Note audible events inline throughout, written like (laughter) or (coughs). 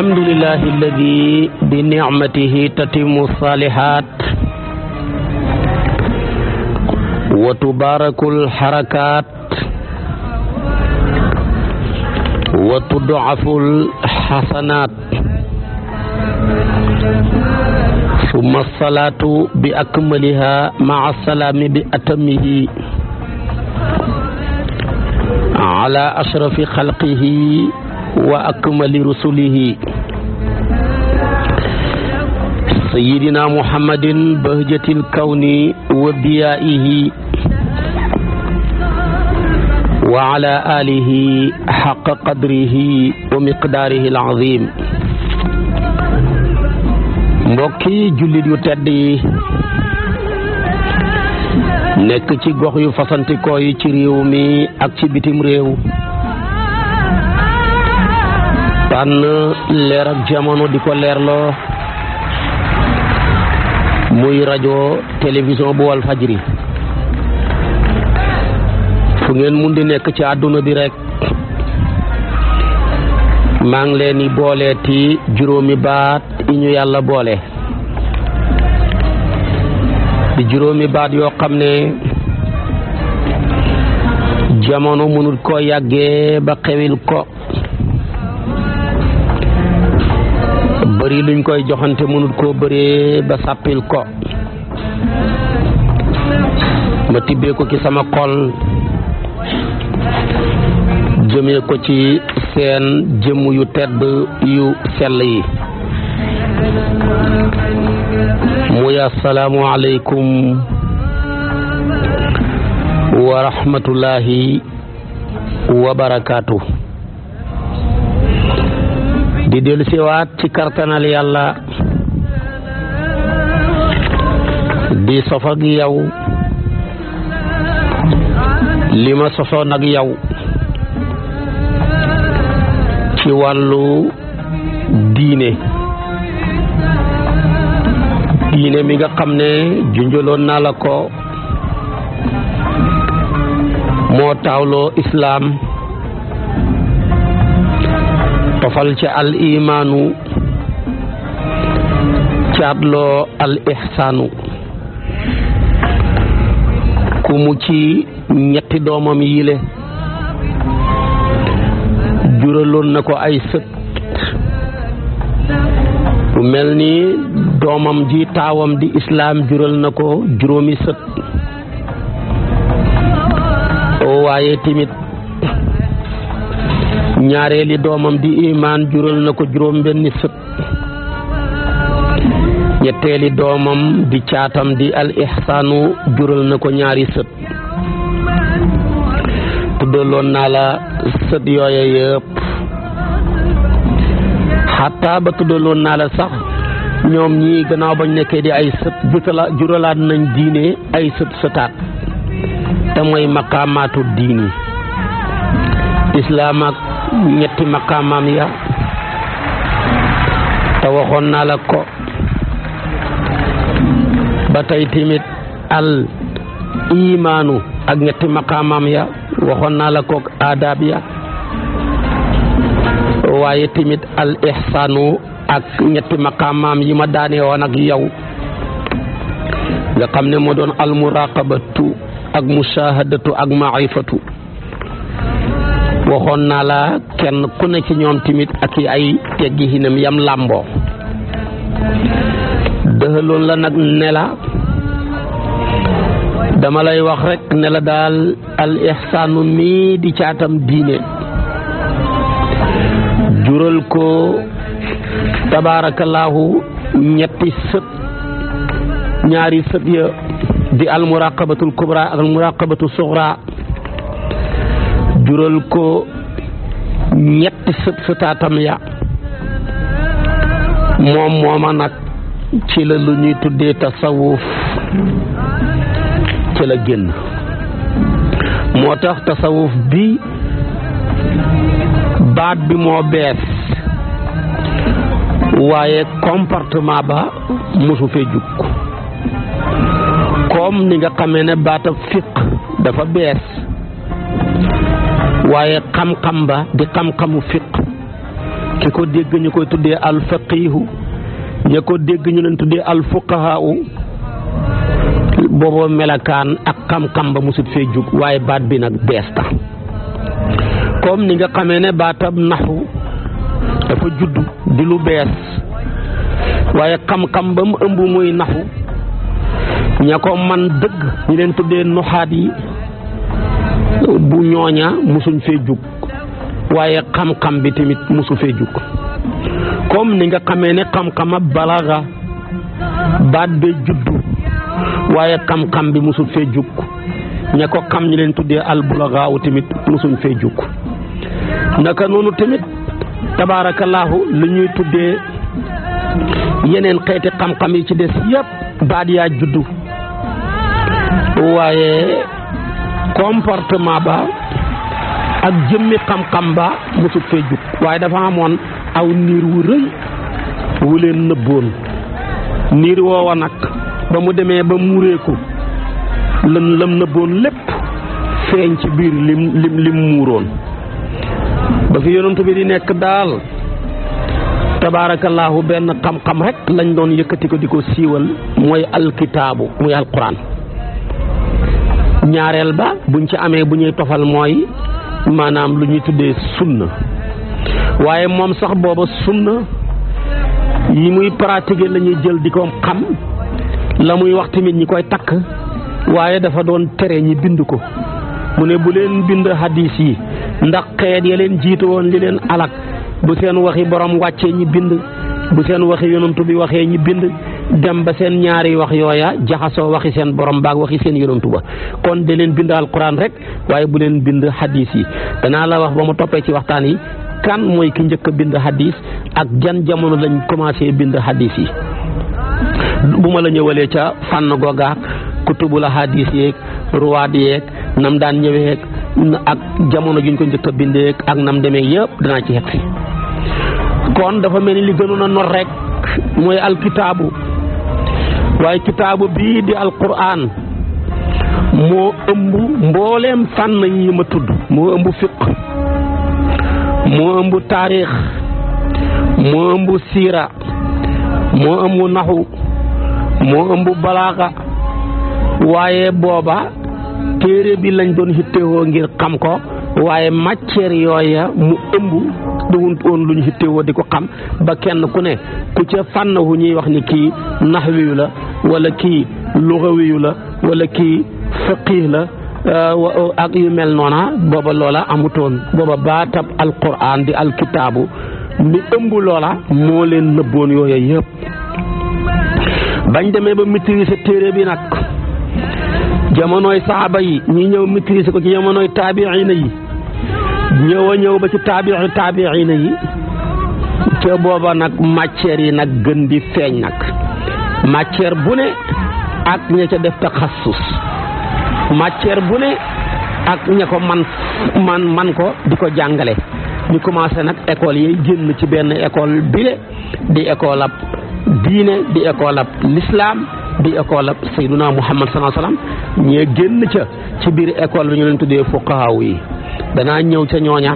الحمد لله الذي بنعمته تتم الصالحات وتبارك الحركات وتضعف الحسنات ثم الصلاة بأكملها مع السلام بأتمه على أشرف خلقه wa akmali rusulihi sayidina muhammadin bahjatil kawni wa diyaihi wa ala alihi xaqa qadrihi wa miqdaarihi alazim mbokki jullit yu tedd yi nekk ci gox yu fasantikoo yi ci réew mi ak ci bitim réew tànn leer ak jamono di ko leerloo muy rajo télévision bu wal fajri fu ngeen mun di nekk ci àdduna bi rek maa ngi leen di booleeti juróomi baat yi ñu yàlla boole di juróomi baat yoo xam ne jamono mënul koo yàggee ba xewil ko bëri luñ koy joxante mënul koo bëree ba sàppil ko ma tibbee ko ci sama xol jëmee ko ci seen jëmm yu tedd yu sell yi muy asalaamu aleykum wa rahmatullahi di dellu siwaat ci kartanal yàlla di sof ak yow li ma sosoon ak yow ci wàllu diine diine mi nga xam ne junjaloon naa la ko moo taawloo islaam tofal ci al imaanu caatloo al ihsaanu ku mu ci ñetti doomam yile juraloon na ko ay sët lu mel ni doomam ji taawam di islaam jural na ko juróomi sët oh, waaye tamit ñaareeli doomam di imaan jural na ko juróom benni sët ñetteeli doomam di caatam di al jural na ko ñaari sët tuddaloon naa la sët yooye yëpp xataa ba tuddaloon naa la sax ñoom ñii gannaaw bañ nekkee di ay sët juralaat nañ diine ay sët sëtaat te mooy maqaamaatu diini islaam ñetti maqaamaam ya te waxoon naa la ko ba tey timit al imaanu ak ñetti maqaamaam ya waxoon naa la ko aadaab ya waaye timit al ihsaanu ak ñetti maqaamaam yi ma daane woon ak yow nga xam ne moo doon al muraqabatu ak mushahadatu ak maarifatu waxoon naa la kenn ku nekk ci ñoom tamit ak i ay teggi hinam yam làmboo dëxaloon la nag ne dama lay wax rekk ne la daal al ihsaanu mii di caatam diine jural ko tabaarakallaahu ñetti sët ñaari sët ya di al muraqabatul kubra ak jural ko ñetti sët sëtaatam ya moom mooma nag ci la lu ñuy tuddee tasawuf ci la génn moo tax tasawuf bi baat bi moo bees waaye comportement ba mosu fee jukk comme ni nga xamee ne baatab fiq dafa bees waaye xam-xam ba di xam-xamu fiq ki ko dégg ñu koy tuddee alfaqiihu ña ko dégg ñu leen tuddee alfuqahaau booba melakaan ak xam-xam ba musut fee jug waaye baat bi nag bees ta comme ni nga xamee ne baatam naxu dafa judd di lu bees waaye xam-xam ba mu ëmb muy naxu ña ko man dëgg ñu leen tuddee nuxaat yi bu ñooña musuñ fee jug waaye xam-xam bi tamit musu fee jug comme ni nga xamee ne xam-xama balaga baat bee juddu waaye xam-xam bi musul fee jug ña ko xam ñi leen tuddee albulagaaw tamit musuñ fee jug naka noonu tamit tabaarakallaahu li ñuy tuddee yeneen xeeti xam-xam yi ci des yépp baat yaa juddu waaye comportement ba ak jëmmi xam-xam ba mosut fee jug waaye dafa amoon aw niir wu rëy wu leen nëbboon niir woowa nag ba mu demee ba muureeku lën lëm nëbboon lépp feeñ ci biir lim lim lim muuroon ba fi yonent bi di nekk daal tabaarakallaahu benn xam-xam rek lañ doon yëkkati ko di ko siiwal mooy alkitaabu muy alquran ñaareel ba buñ ci amee bu ñuy tofal mooy maanaam lu ñuy tuddee sunna waaye moom sax booba sunna yi muy pratiquer lañuy jël di ko xam la muy wax tamit ñi koy takk waaye dafa doon tere ñi bind ko mu ne bu leen bind hadis yi ndax xeet ya leen jiitu woon li leen alak bu seen waxi borom wàccee ñi bind bu seen waxi yonantu bi waxee ñi bind dem ba seen ñaari wax yooya jaxasoo waxi seen borom baag waxi seen yonantu kon da leen bind alquran waaye bu leen bind danaa la wax ba mu toppee ci waxtaan yi kan mooy ki njëkk a bind ak jan jamono lañ commencé bind hadis yi bu ma la ñëwalee ca fànn googaak kutubul hadis yeeg ruwaad yeeg nam daan ñëwee ak jamono juñ ko njëkk a ak nam demee yëpp danaa ci kon dafa mel ni li gënoon a rek mooy alkitaabu waaye kitaabu bii di alquran moo ëmb mbooleem fànn yi ma tudd moo ëmb fiq moo ëmb taarix moo ëmb siira moo ëmb naxu moo ëmb balaaxa waaye booba téere bi lañ doon hittewoo ngir xam ko waaye matière yooya mu ëmb doon woon lu ñu yittewoo di ko xam ba kenn ku ne ku ca fànn wu ñuy wax ni kii nax naxwiyu la walla kii luxawiyu la wala kii faqih la euh, euh, ak yu mel noona booba loola amutoon booba baatab alquran di alkitaabu li ëmb loola moo leen nëbboon yooya yëpp bañ demee ba maîtriser téere bi nag jamonoy saaba yi ñi ñëw maîtriser ko ci jamonoy taabiina yi ñëw a ñëw ba ci taabiixu taabiixina yi te booba nag matière yi nag gën di feeñ nag matière bu ne ak ña ca def taxassus matière bu ne ak ña ko man man man ko di ko jàngale ñu commencé nag école yi génn ci benn école bile di école ab diine di école ab l'islam di école ab sayduna muhammad salaa salaam ñee génn ca ci biir école bi ñu leen tuddee fuqahaaw yi danaa ñëw ca ñooña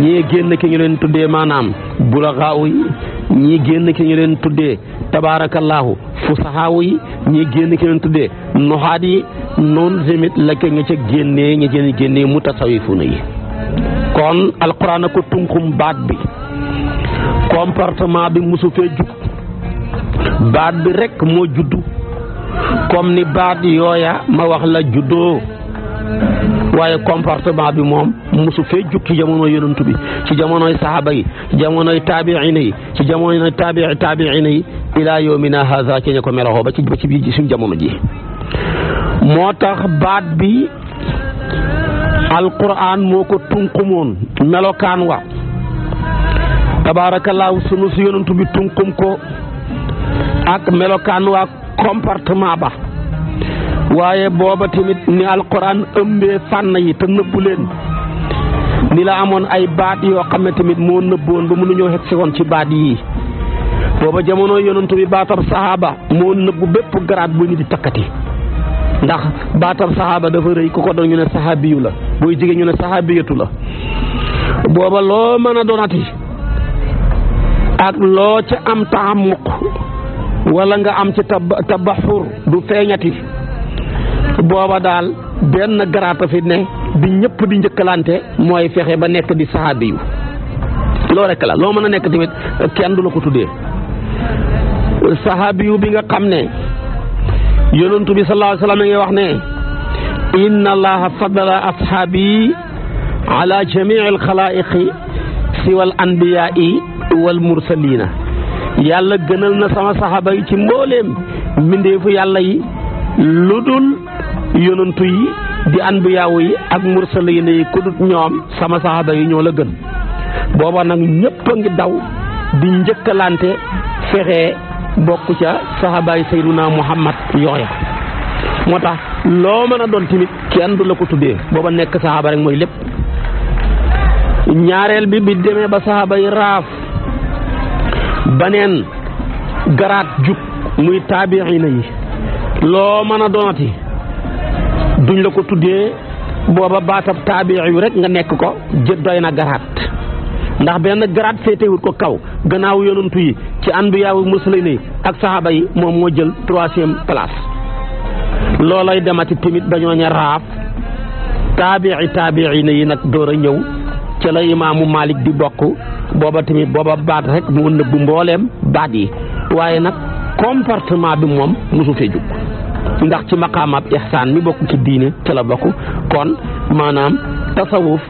ñii génn ki ñu leen tuddee maanaam bulaxaaw yi ñii génn ki ñu leen tuddee tabaarakallaahu fusahaaw yi ñii génn ki leen tuddee noxaat yi noonu tamit la ke nga ca génnee nga ca génnee mutasawifuna yi kon alquran a ko tunkum baat bi comportement bi mosu fee jug baat bi rekk moo juddu comme ni baat yooya ma wax la juddoo waaye comportement bi moom mosu fee jug ci jamono yonent bi ci jamonoy saxaaba yi ci jamonoy taabiina yi ci jamonoy taabii taabiina yi ilaa yawmina haza ci ña ko meraxoo ba ci suñ jamono ji moo tax baat bi alquran moo ko tunkumoon melokaan wa tabaarakallaahu sunu si yonent bi tunkum ko ak melokaan waa comportement ba waaye booba tamit ni alquran ëmbee fànn yi te nëbbu leen ni la amoon ay baat yoo xam ne tamit moo nëbboon ba mënuñoo xeg si woon ci baat yii booba jamono yonantu bi baatab saxaaba moo nëbbu bépp garaat bu ñu di takkati ndax baatab saxaaba dafa rëy ku doon ñu ne saxaabiyu la booy jigéen ñu ne saxaabiyatu la booba loo mën a donati ak loo ca am taxamuq wala nga am ci tabaxur du feeñati booba daal benn garaata fi ne bi ñëpp di njëkkalante mooy fexe ba nekk di saxaabi yu loo rek la loo mën a nekk tamit kenn du la ko tuddee saxaabi bi nga xam ne yonentu bi sallallahu alayhi wa wax ne inna allaha fadala ashaabi ala jamii alxalaiqi siwa al anbiyaai wal mursalina yàlla gënal na sama saxaaba yi ci mbooleem mbindeefu yàlla yi lu dul yonantu yi di anbiyaawu yi ak mursaliin yi ku dut ñoom sama saxaaba yi ñoo la gën booba nag ñëpp a ngi daw di njëkkalante fexe bokk ca saxaabaayu sayduna muhammad yooya moo tax loo mën a doon tamit kenn du la ko tuddee booba nekk saxaaba mooy lépp ñaareel bi bi demee ba saxaaba raaf baneen garaat jug muy taabiina yi loo mën a doonati duñ la ko tuddee booba baatab taabii yu rek nga nekk ko jë doy na garaat ndax benn garaat féetewut ko kaw gannaaw yonantu yi ci anbiyaawu muslimiin yi ak saxaaba moom moo jël troisième place loolay demati tamit dañoo ña raaf taabii taabiina yi nag door a ñëw ca la imaamu di bokk booba tamit booba baat rek moo nëbbu mbooleem baat yi waaye nag comportement bi moom mosu fee jóg ndax ci maqaamaab ihsaan mi bokk ci diine ca la bokk kon maanaam tasawuf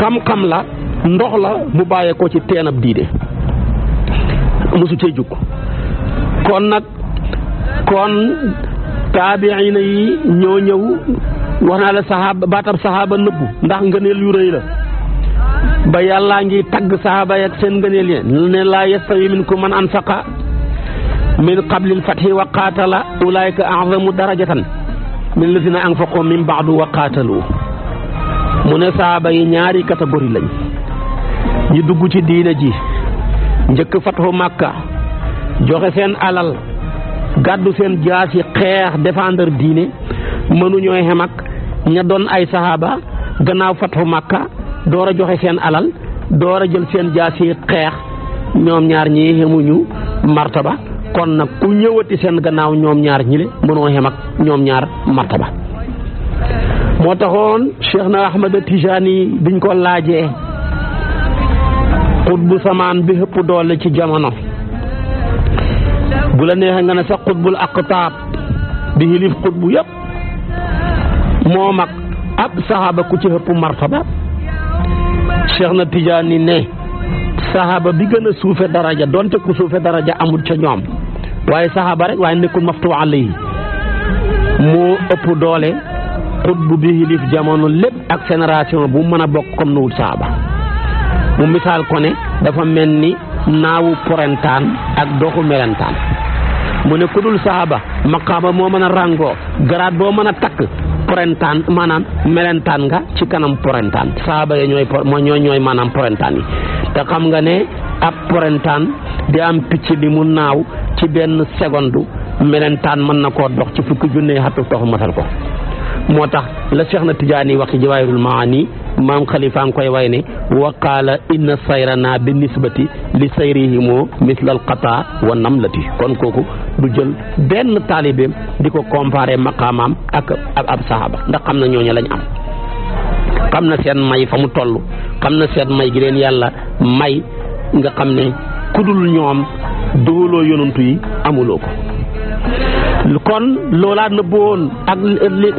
xam-xam la ndox la mu bàyyeekoo ci teenab diine mosu cee jóg kon nag kon taabiina yi ñoo ñëw wax naa la saxaaba baatab saxaaba nëbbu ndax ngëneel yu rëy la ba yàllaa ngi tagg saxaaba yi ak seen ngëneel yi ne laa yastawi minkum man anfaqa min qablil fathi wa qaatala ulaayka azamu darajatan min lazina anfaqu min baadu wa qaatalu mu ne saxaaba yi ñaari catégorie lañ ñi dugg ci diina ji njëkk fatxu Makka joxe seen alal gàddu seen jaas yi xeex défendre diine mënuñoo xem ak ña doon ay saxaaba gannaaw fatxu Makka door a joxe seen alal door a jël seen jaasi xeex ñoom ñaar ñi xemuñu martaba kon nag ku ñëwati seen gannaaw ñoom ñaar ñi le mënoo xem ak ñoom ñaar martaba moo taxoon Cheikh na Ahmada Tijani biñ ko laajee xutbu samaan bi hëpp doole ci jamono bu la neexee nga ne sax xutbul aqtaab bi hilif xutbu yëpp moo mag ab saxaaba ku ci hëpp martaba Cheikh na Tijaani ne saxaaba bi gën a suufe daraja donte ku suufe daraja amul ca ñoom waaye saxaaba rek waaye nekkul maftu àll yi moo ëpp doole xutbu bi hilif jamono lépp ak génération bu mën a bokk comme nuwul saxaaba mu misaal ko ne dafa mel ni naawu porentaan ak doxu melentaan mu ne ku dul saxaaba moo mën a ràngoo garaat boo mën a takk porentaan maanaam melentaan nga ci kanam porentaan saaba yi ñooy mooy ñooy ñooy maanaam porentaan yi te xam nga ne ab porentaan di am picc li mu naaw ci benn seconde melentaan mën na koo dox ci fukki junne xatu taxu matal ko moo tax la Cheikh na Tijaani wax ci Jawaahirul Maani maam xalifa ngi koy way ne wa qaala inna sayrana bi nisbati li sayrihimoo mislal qataa wa namlati kon kooku du jël benn taalibeem di ko comparer maqaamaam ak ab saxaaba ndax xam na ñooñu lañ am xam na seen may fa mu toll xam na seen may gi leen yàlla may nga xam ne kudul ñoom dugaloo yonantu yi amuloo ko kon loolaa nëbboon ak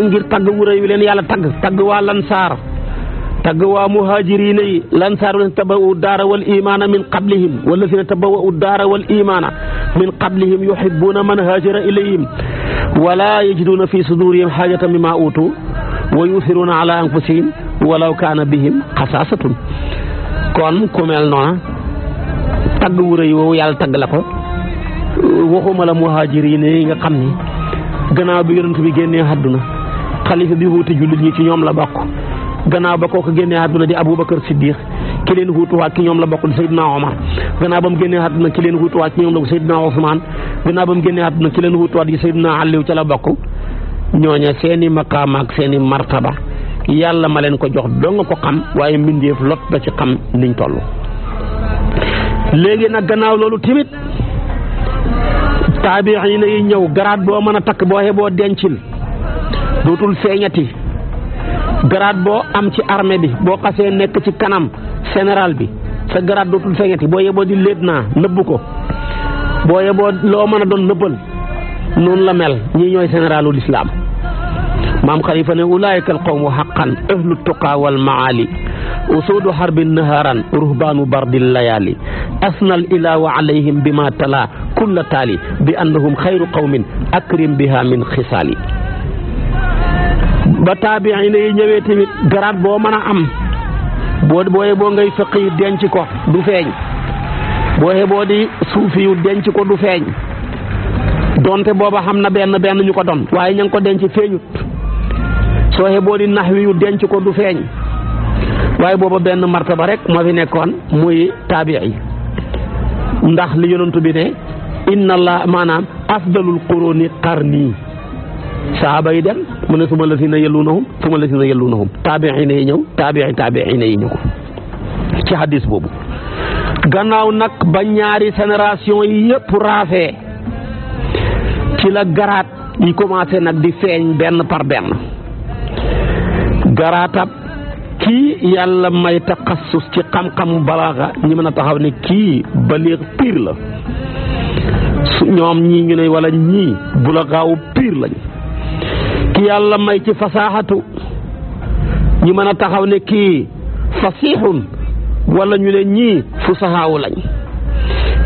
ngir tagg wuré leen yàlla tagg tagg waa lansaar tagg waa muhaajiriina yi lansaar wala tabawu daara wal imaana min qablihim wala si ne tabawu daara wal imaana min qablihim yuhibbuuna man haajara ilayhim wala yajiduuna fi sudurihim haajatan mimma uutu wa yusiruuna ala anfusihim la ko yi nga xam ni gannaaw bi yonent bi génnee àdduna xalifa bi wuute jullit ñi ci ñoom la bokk gannaaw ba kooku génnee àdduna di Aboubacar Siddiq ki leen wuutuwaat ci ñoom la bokk di Seydina Omar gannaaw ba mu génnee àdduna ki leen wuutuwaat ci ñoom la bokk Seydina Ousmane gannaaw ba mu génnee àdduna ki leen wuutuwaat di Seydina Aliou ca la bokk ñooña seeni maqaam ak seeni martaba yàlla ma leen ko jox doo nga ko xam waaye mbindeef lot ba ci xam niñ toll. léegi nag gannaaw loolu timit taabiin yi ñëw garaat boo mën a takk boo xeboo dencil dootul grade boo am ci armée bi boo xasee nekk ci kanam général bi sa grade dootul feñeti boo yeboo di lieutenant nëbb ko boo yeboo loo mën doon nëbbal noonu la mel ñii ñooy généralul islam maam xalifa ne ulaayikal qawmu xaqan ahlu tuqaa wal maali usuudu xarbin naharan ruhbaanu bardil layaali asnal ilaahu alayhim bima tala kulla taali bi annahum xayru qawmin akrim biha min xisaali ba taabiina yi ñëwee tamit garaat boo mën a am boo booyee boo ngay fëq denc ko du feeñ booyee boo di suufi yu denc ko du feeñ donte booba xam na benn benn ñu ko don waaye ña ngi ko denc feeñut soo xeboo di nax wi yu denc ko du feeñ waaye booba benn ba rek moo fi nekkoon muy taabii ndax li yonantu bi ne inna allah maanaam afdalul quruni qarni saxaaba yi dem mu ne suma lasina yelluunahum suma lasina yelluunahum taabiina yi ñëw taabii taabiina yi ñëw ci hadis boobu gannaaw nag ba ñaari génération yi yëpp raafee ci la garaat yi commencé nag di feeñ benn par benn garaatab kii yàlla may taxassus ci xam-xamu balaaxa ñi mën a taxaw ne kii baliix piir la su ñoom ñii ñu ne wala ñii bu la piir lañ ki yàlla may ci fasaaxatu ñi mën a taxaw ne kii fasixun wala ñu ne ñii fu saxaawu lañ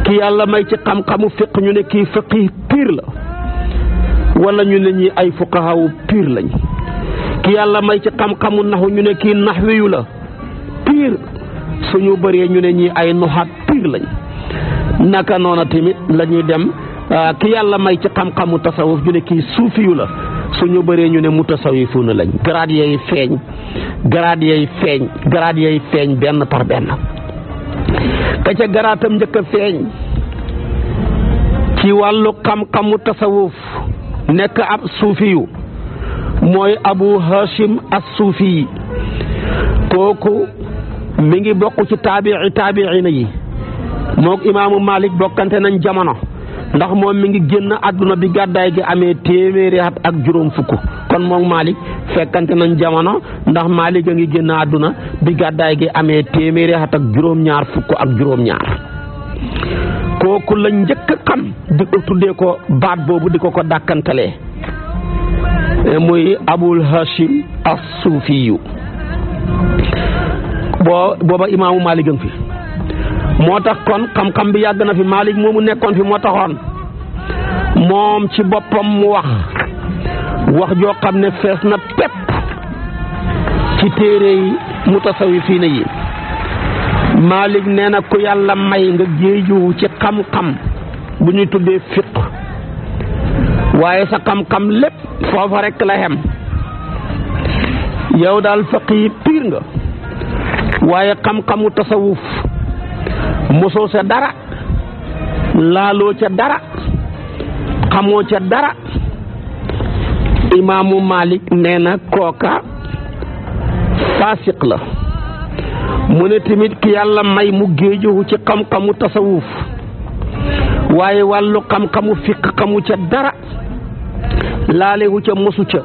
ki yàlla may ci xam-xamu fiq ñu ne kii faqih piir la wala ñu ne ñii ay fuqahaawu piir lañ ki yàlla may ci xam-xamu naxu ñu ne kii naxwiyu la piir suñu bëree ñu ne ñii ay nuxaat piir lañ naka noona tamit la dem ah, ki yàlla may ci xam-xamu tasawuf ñu ne kii suufiyu la suñu baree ñu ne mutasawifuuna lañ grade yay feeñ grade yay feeñ grade yay feeñ benn par benn ka ca garaatam njëkk feeñ ci wàllu xam-xamu tasawuf nekk ab suufiyu mooy abu hashim as suufi kooku mi ngi bokk ci taabici taabicina yi moog imaamu malik bokkante nañ jamono ndax moom mi ngi génn àdduna bi gàddaay gi amee téeméeri at ak juróom fukk kon moom Malick fekkante nañ jamono ndax Malick a ngi génn àdduna bi gàddaay gi amee téeméeri at ak juróom-ñaar fukk ak juróom-ñaar kooku la njëkk xam di ko tuddee ko baat boobu di ko ko dàkkantalee muy Abul Hashim as-Suufiyu boo booba imaamu Malick a fi moo tax kon xam-xam bi yàgg na fi moo mu nekkoon fi moo taxoon moom ci boppam mu wax wax joo xam ne fees na pepp ci téere yi mutasawi fii na yi Malik nee na ku yàlla may nga géejuwu ci xam-xam bu ñuy tuddee fiq waaye sa xam-xam lépp foofa rekk la xem yow daal faqi yi piir nga waaye xam-xamu tasawuf mosoo ca dara laaloo ca dara xamoo ca dara imaamu Malik nee na kooka faasiq la mu ne tamit ki yàlla may mu géejuwu ci xam-xamu tasawuf waaye wàllu xam-xamu fiq xamu ca dara laalewu ca mosu ca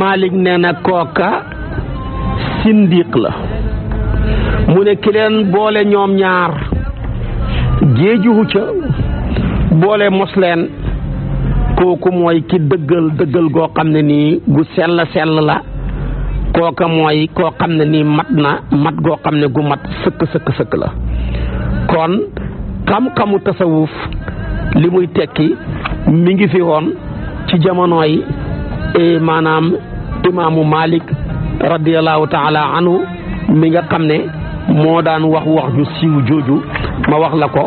Malik nee na kooka sindiq la mu ne ki leen boole ñoom ñaar géejuwu ca boole mos leen kooku mooy ki dëggal dëggal goo xam ne nii gu sell sell la kooka mooy koo xam ne nii mat na mat goo xam ne gu mat sëkk sëkk la kon xam-xamu tasawuf li muy tekki mi ngi fi woon ci jamonoy e maanaam imaamu Malik radiallahu taala anhu mi nga xam ne moo daan wax wax ju siiw jooju ma wax la ko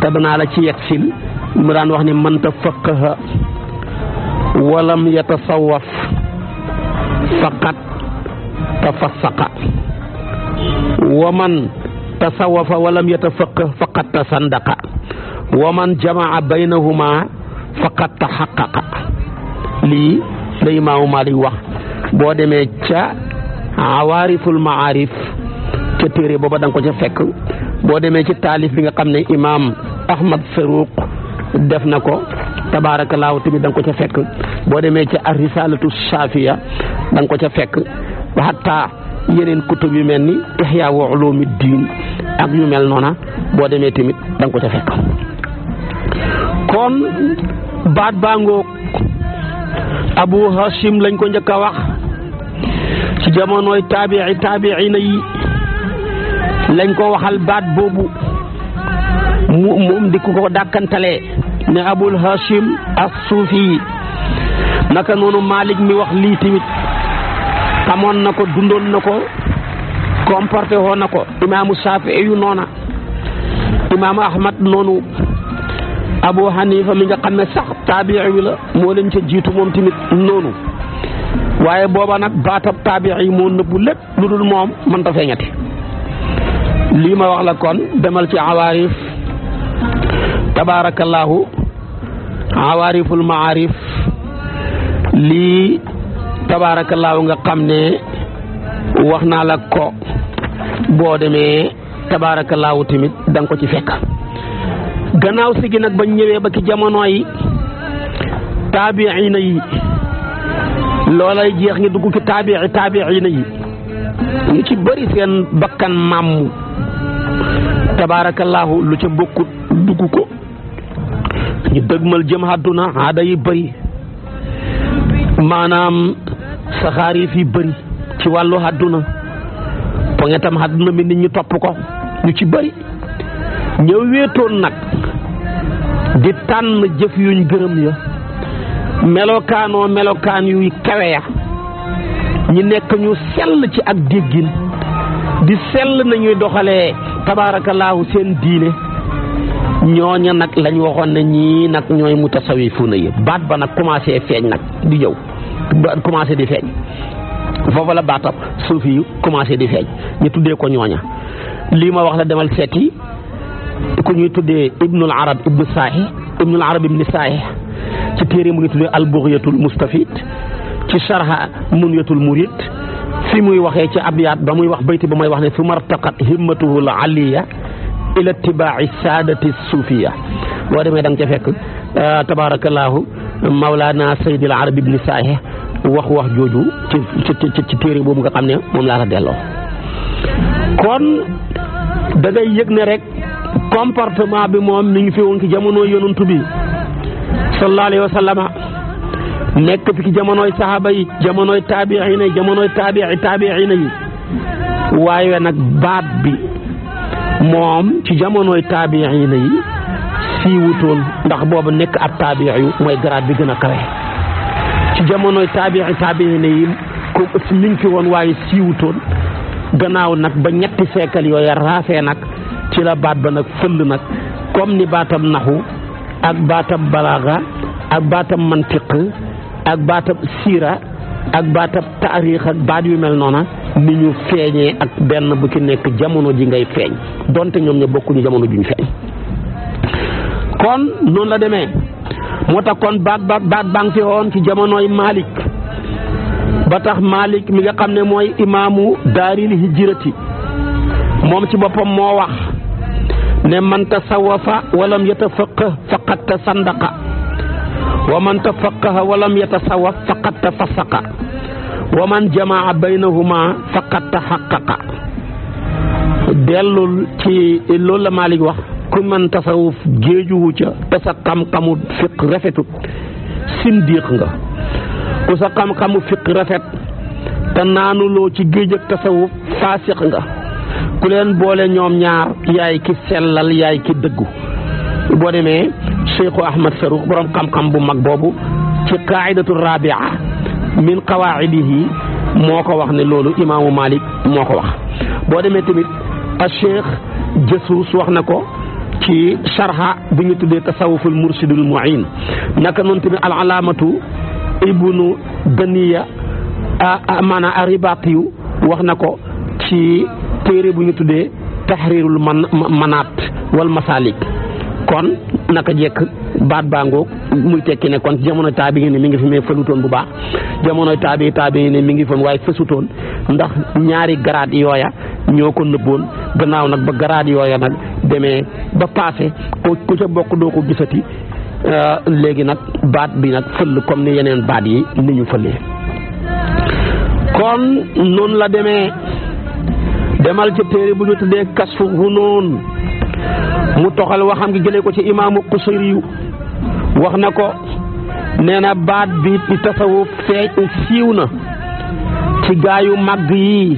te danaa la ci yegg sil mu daan wax ni man tafaqaha walam yatasawaf faqat tafassaqa wa man tasawafa walam yatafaqah faqat tasandaqa wa man jamaa baynahuma faqat taxaqaqa lii la imaamu Maalik wax boo demee ca awaariful maarif ca téere booba da ko ca fekk boo demee ci taalif bi nga xam ne imaam Ahmad Farouq def na ko tabaarakallaahu tamit da nga ko ca fekk boo demee ci ar-risaalatu shaafiya da ko ca fekk wa yeneen kutub yu mel ni ihya wa ulumi diin ak yu mel noona boo demee tamit da ko ca fekk kon baat baa ngoog Abu Hashim lañ ko njëkk a wax ci jamonoy taabi'i taabi'ina yi lañ ko waxal baat boobu mu moom di ko ko dàkkantalee ne abul hashim as naka noonu Malik mi wax lii tamit xamoon na ko dundoon na ko comporté woon na ko imaamu Saafi yu noona imaamu Ahmad noonu Abu Hanifa mi nga xam ne sax taabi'i bi la moo leen ca jiitu moom tamit noonu waaye booba nag baatab taabi'i yi moo nëbbu lépp lu dul moom mën ta lii ma wax la kon demal ci awaarif tabaarakallaahu awaariful maarif lii tabaarakallaahu nga xam ne wax naa la ko boo demee tabaarakallaahu tamit da ko ci fekk gannaaw si gi nag bañ ñëwee ba ci jamono yi taabiina yi loolay jeex ngi dugg ci taabii taabiina yi ñu ci bëri seen bakkan màmm tabaarakallaahu lu ca bokkut dugg ko ñu dëgmal jëm àdduna aada yi bëri maanaam saxaar yi fi bëri ci wàllu àdduna poñetam àdduna mi nit ñi topp ko ñu ci bëri ñëw wéetoon nag di tànn jëf yuñ gërëm ya melokaanoo melokaan yuy kawe ya ñi nekk ñu sell ci ak déggin di sell nañuy doxalee tabaarakallaahu seen diine ñooña nag lañ waxoon na ñii nag ñooy na yi baat ba nag commencé feeñ nag di ñëw ba commencé di feeñ foofa la baatab suufi yu commencé di feeñ ñu tuddee ko ñooña lii ma wax la demal seeti ku ñuy tuddee ibnul arab ibnu saahi ibnul arab ibnu saahi ci téere mu ngi tuddee albughyatul mustafid ci sharha munyatul murid fi muy waxee ci abyaat ba muy wax bayti ba may wax ne su martaqat himmatuhu l aliya ila tibaaci saadati suufiya boo demee da nga ca fekk euh, tabaarakallaahu mawlaana saydil arab ibni saahih wax wax jooju ci ci téere boobu nga xam ne moom laa la delloo kon da yëg ne rek comportement bi moom mu ngi fi woon jamono yonent bi sallallahu alayhi nekk fi ci jamonoy saxaaba yi jamonoy taabiina yi jamonoy taabii na yi waaye nag baat bi moom ci jamonoy taabiina yi siiwutoon ndax boobu nekk ab taabii yu mooy garaat bi gën a kawe ci jamonoy taabii taabiina yi ko woon waaye siiwutoon gannaaw nag ba ñetti seekal yooya raafee nag ci la baat ba nag fëll nag comme ni baatam naxu ak baatam balaaga ak baatam mantiq ak baatab siira ak baatab taarix ak baat yu mel noona ni ñu feeñee ak benn bu nekk jamono ji ngay feeñ donte ñoom ña bokkuñu jamono juñ feeñ kon noonu la demee moo tax kon baat baat baat baa ngi fi woon ci jamonoy Malik ba tax Malik mi nga xam ne mooy imaamu daaril hijrati moom ci boppam moo wax ne man tasawwafa walam yatafaqqah faqad tasandaqa wa man tafaqaha wa lam yatasawa faqad tafassaqa wa man jamaa baynahuma faqad taxaqaqa dellul ci loolu la Malick wax ku man tasawuf géejuwu ca te sa xam-xamu fiq rafetut sindiq nga ku sa xam-xamu fiq rafet te naanuloo ci géej ak tasawuf faasiq nga ku leen boole ñoom ñaar yaay ki sellal yaay ki dëggu boo demee Cheikhu Ahmad Saruq borom xam-xam bu mag boobu ci qaidatu rabia min qawaidihi moo ko wax ne loolu imaamu Malik moo ko wax boo demee tamit a Cheikh Jasuus wax na ko ci sharha buñu tuddee tuddee tasawuful mu muin naka noonu tamit al alaamatu ibnu daniya maanaam a ribaati yu wax na ko ci téere bu ñu tuddee tahrirul manaat wal masalik kon naka jekk baat baa ngoog muy tekki ne kon jamono taabi yi ne mi ngi fi mais fëlutoon bu baax jamono taabi taabi yi ne mi ngi foon waaye fësutoon ndax ñaari garaat yooya ñoo ko nëbboon gannaaw nag ba garaat yooya nag demee ba passé ko ku ca bokk doo ko gisati euh, léegi nag baat bi nag fël comme ni yeneen baat yi ni ñu fëlee kon noonu la demee demal ca téere bu ñu tuddee kasfu hunoon mu wax xam gi jëlee ko ci imaamu Qusayri yu wax na ko nee na baat bi ci tasawuf feeñ siiw na ci yu mag yi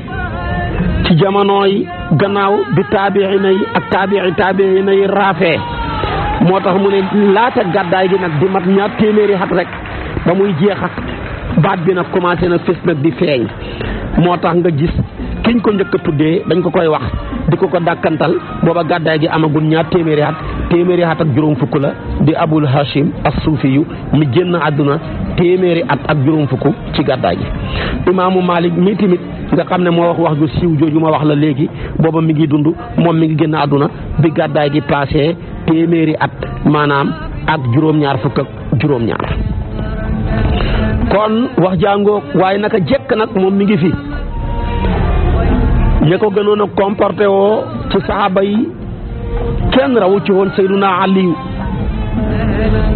ci jamonoy gannaaw bi taabiina yi ak taabii taabiina yi raafee moo tax mu ne laata gàddaay gi nag di mat ñaar téeméeri at rek ba muy jeex ak baat bi nag commencé na fés nag di feeñ moo tax nga gis kiñ ko njëkk a tuddee dañ ko koy wax di ko ko dàkkantal booba gàddaay gi amagul ñaar téeméeri at téeméeri at ak juróom fukk la di abul hashim as-suufi yu mi génn àdduna téeméeri at ak juróom fukk ci gàddaay gi imaamu malik mi tamit nga xam ne moo wax wax ju siiw jooju ma wax la léegi booba mi ngi dund moom mi ngi génn àdduna bi gàddaay gi passé téeméeri at maanaam ak juróom-ñaar fukk ak juróom-ñaar kon wax jàngoo waaye naka jekk nag moom mi ngi fi ña ko gënoon a comporté woo ci saxaaba kenn rawu ci woon Seyduna Aliyu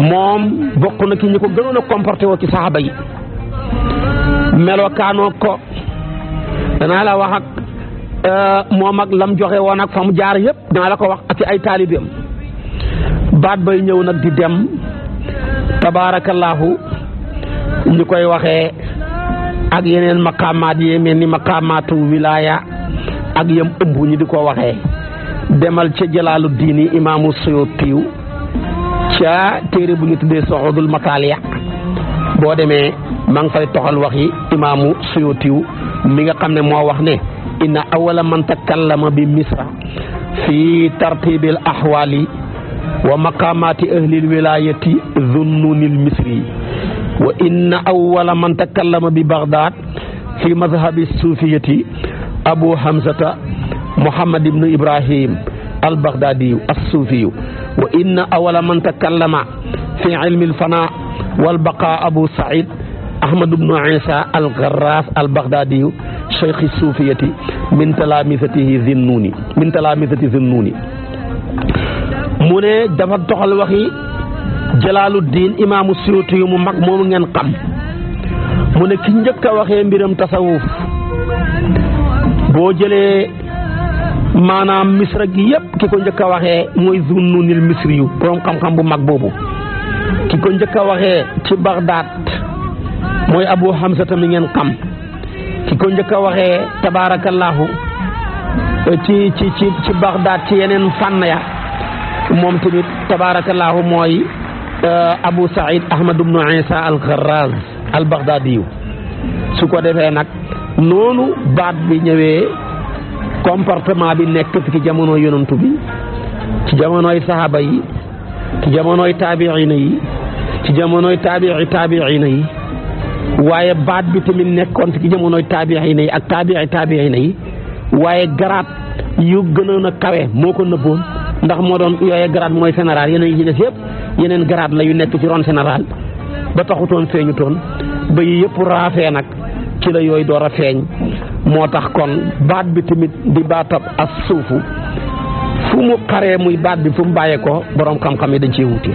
moom bokk na ci ñi ko gënoon a comporté woo ci saxaaba yi melokaanoo ko danaa la wax ak euh, moom ak lam joxe woon ak fa mu jaar yëpp danaa la ko wax ak ci ay taalibeem baat bay ñëw nag di dem tabaarakallaahu ñu koy waxee ak yeneen maqaamaat yee mel ni maqaamaatu wilaaya ak yam ëmb ñu di ko waxee demal ci jalaalu diini imaamu suyutiw ca téere bu ñu tuddee soxodul mataaliya boo demee ma ngi fay toxal wax yi imaamu suyutiw mi nga xam ne moo wax ne inna awala man takallama bi misra fi tartibil ahwali wa maqamati ahlil wilayati zunnunil misri wa inna awala man takallama bi baghdad fi mazhabi sufiyati abu hamzata muhammad ibnu ibrahim al baghdadiyu assuufiyu wa inna awala man takallama fi ilmi alfana walbaqa abu said ahmad ibnu isa al garras al baghdadiyu cheikh suufiyati min talaamisatihi zinnuuni min talaamisati zinnuuni mu ne dafa toxal waxi jalaaluddin imaamu suyuti yu mu mag moomu ngeen xam mu ne ki njëkk a waxee mbiram tasawuf boo jëlee maanaam misra gi yëpp ki ko njëkk a waxee mooy Zunnunil misri yu borom xam-xam bu mag boobu ki ko njëkk a waxee ci Bagdaad mooy Abu Hamza tamit ngeen xam ki ko njëkk a waxee tabaarakallaahu ci ci ci ci Bagdaad ci yeneen fànn moom tamit tabaarakallaahu mooy eh, Abu Saïd Ahmad ibnu Isa al-Gharraz al-Baghdadiyu su ko defee nag. noonu baat bi ñëwee comportement bi nekk ci jamono yonantu bi ci jamonoy sahaba yi ci jamonoy taabiina yi ci jamonoy taabii taabiina yi waaye baat bi tamit nekkoon ci jamonoy taabiina yi ak taabii taabiina yi waaye garaat yu gënoon a kawe moo ko nëbboon ndax moo doon yooye garaat mooy général yeneen yi des yëpp yeneen garaat la yu nekk ci ron général ba taxutoon feeñutoon ba yi yëpp raafee nag ci la yooyu door a feeñ moo tax kon baat bi tamit di baatab as suufu fu mu xaree muy baat bi fu mu bàyyee ko boroom xam-xam yi dañ cee wute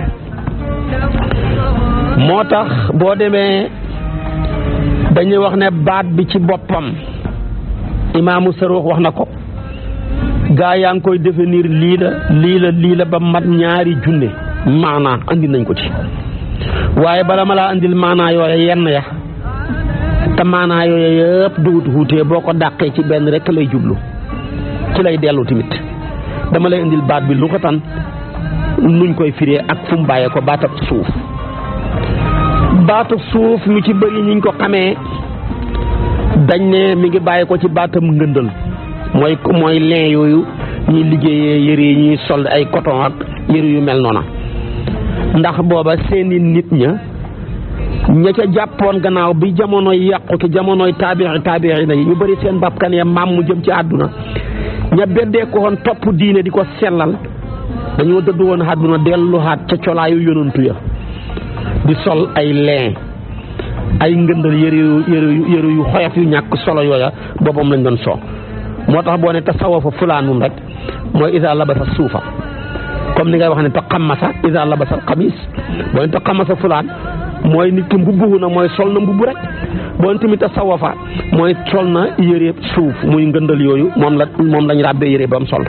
moo tax boo demee dañuy wax ne baat bi ci boppam imaamu Saroox wax na ko gaa yaa ngi koy définir lii la lii la lii la ba mat ñaari junne maanaa indi nañ ko ci waaye bala ma laa andil maanaa yooye yenn ya te maanaa yooyu yëpp duwut wuutee boo ko dàqee ci benn rekk lay jublu ci lay dellu tamit dama lay indil baat bi lu ko nuñ koy firee ak fu mu ko baatab suuf baatab suuf ñu ci bëri ñiñ ko xamee dañ ne mi ngi bàyyi ko ci baatam ngëndal mooy mooy lin yooyu ñuy liggéeyee yëre yi ñuy sol ay coton ak yëre yu mel noona ndax booba seeni nit ña ña ca jàppoon gannaaw bi jamonoy yàqu ki jamonoy taabixi taabixi na yi ñu bari seen kan ya maam mu jëm ci àdduna ña beddee ko woon topp diine di ko sellal dañoo dëddu woon àdduna ca colaayu yonantu ya di sol ay leen ay ngëndal yëre yu yëre yu xoyof yu ñàkk solo yooya boppam lañ doon soo moo tax boo ne tasawafa fulaanun rek mooy isa labasa suufa comme ni ngay wax ne ta xamasa isa labasa xamis boo ne ta xamasa fulaan mooy nit ki mbubbu na mooy sol na mbubb rek bon tamit a sawafa mooy sol na yëre suuf muy ngëndal yooyu moom la moom lañ ràbbee yëre ba mu sol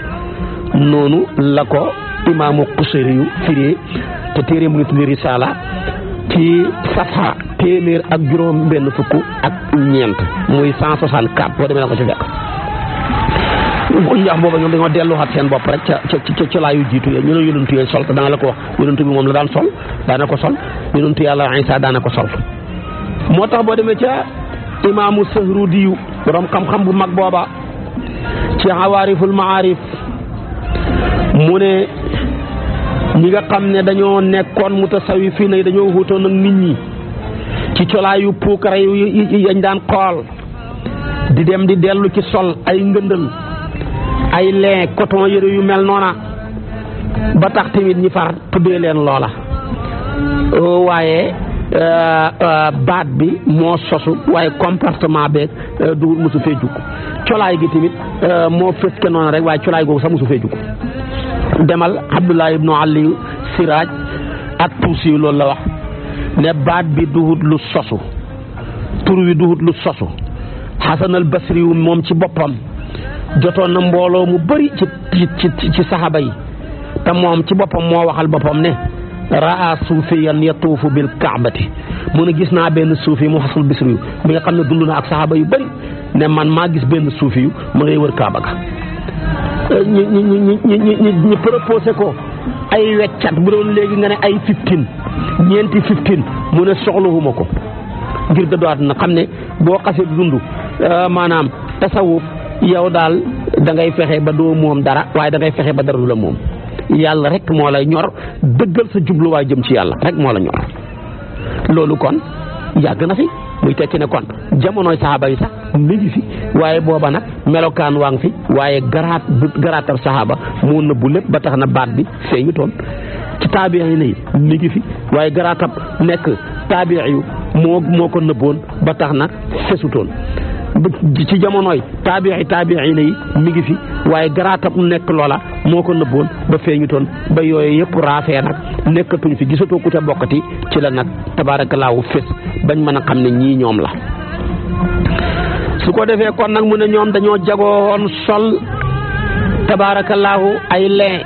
noonu la ko imaamu Kusayri yu firee te téere mu ngi tudd Risaala ci safa téeméer ak juróom benn fukk ak ñeent muy cent soixante quatre boo demee na ko ci fekk (coughs) ndax booba ñoom dañoo delluwaat seen bopp rek ca ca ca laayu jiitu yooyu ñu ne yonent yooyu sol te danga la ko wax yonent bi moom la daan sol daana ko sol yonent yàlla Isa daana ko sol. moo tax boo demee ca imaamu Sahrudiyu borom xam-xam bu mag booba ci awaariful maarif mu ne ñi nga xam ne dañoo nekkoon mutasawi fii nag dañoo wutoon ak nit ñi ci colaayu puukare yu yañ daan xool di dem di dellu ci sol ay ngëndal. ay lin coton yére yu mel noona ba tax tamit ñi far tuddee leen loola euh, waaye euh, euh, baat bi moo sosu waaye comportement beeg dugub mosu fee jug colaay gi tamit moo fës ke noona rek waaye colaay googu sax mosu fee jug demal Abdullah ibnu Ali Siraaj ak Tuusi loolu la wax ne baat bi duhut lu sosu tur wi duhut lu sosu Xasan al moom ci boppam jotoon na mbooloo mu bëri ci ci ci saxaba yi te moom ci boppam moo waxal boppam ne ya suufiyan yatuufu bil kaabati mu ne gis naa benn suufi mu xasul bisri yu bi nga xam ne dund na ak saxaba yu bëri ne man maa gis benn suufi yu mu ngay wër kaaba ga ñu ñu ñu ñu ñu proposé ko ay weccat bu doon léegi nga ne ay fiftin ñeenti fiftin mu ne soxlawuma ko ngir dëdduwaat na xam ne boo xasee dund euh, maanaam tasawuf yow daal da ngay fexe ba doo moom dara waaye dangay ngay fexe ba dara du la moom yàlla rek moo lay ñor dëggal sa jubluwaay jëm ci yàlla rek moo la ñor loolu kon yàgg na fi muy tekki ne kon jamonoy saxaaba yi sax mi ngi fi waaye booba nag melokaan waa fi waaye garaat garaatab saxaaba moo nëbbu lépp ba tax na baat bi feeñu toon ci taabiya yi nii mi fi waaye garaatab nekk taabiya yu moo moo ko nëbboon ba tax na fesutoon ci jamonoy taabi'i taabi'iina yi mi ngi fi waaye garaatab nekk loola moo ko nëbboon ba feeñutoon ba yooyu yëpp raafee nag nekkatuñ fi gisatoo ku ca bokkati ci la nag tabaarakallaahu fés bañ mën a xam ne ñii ñoom la. su ko defee kon nag mu ne ñoom dañoo jagoon sol tabaarakallaahu ay lee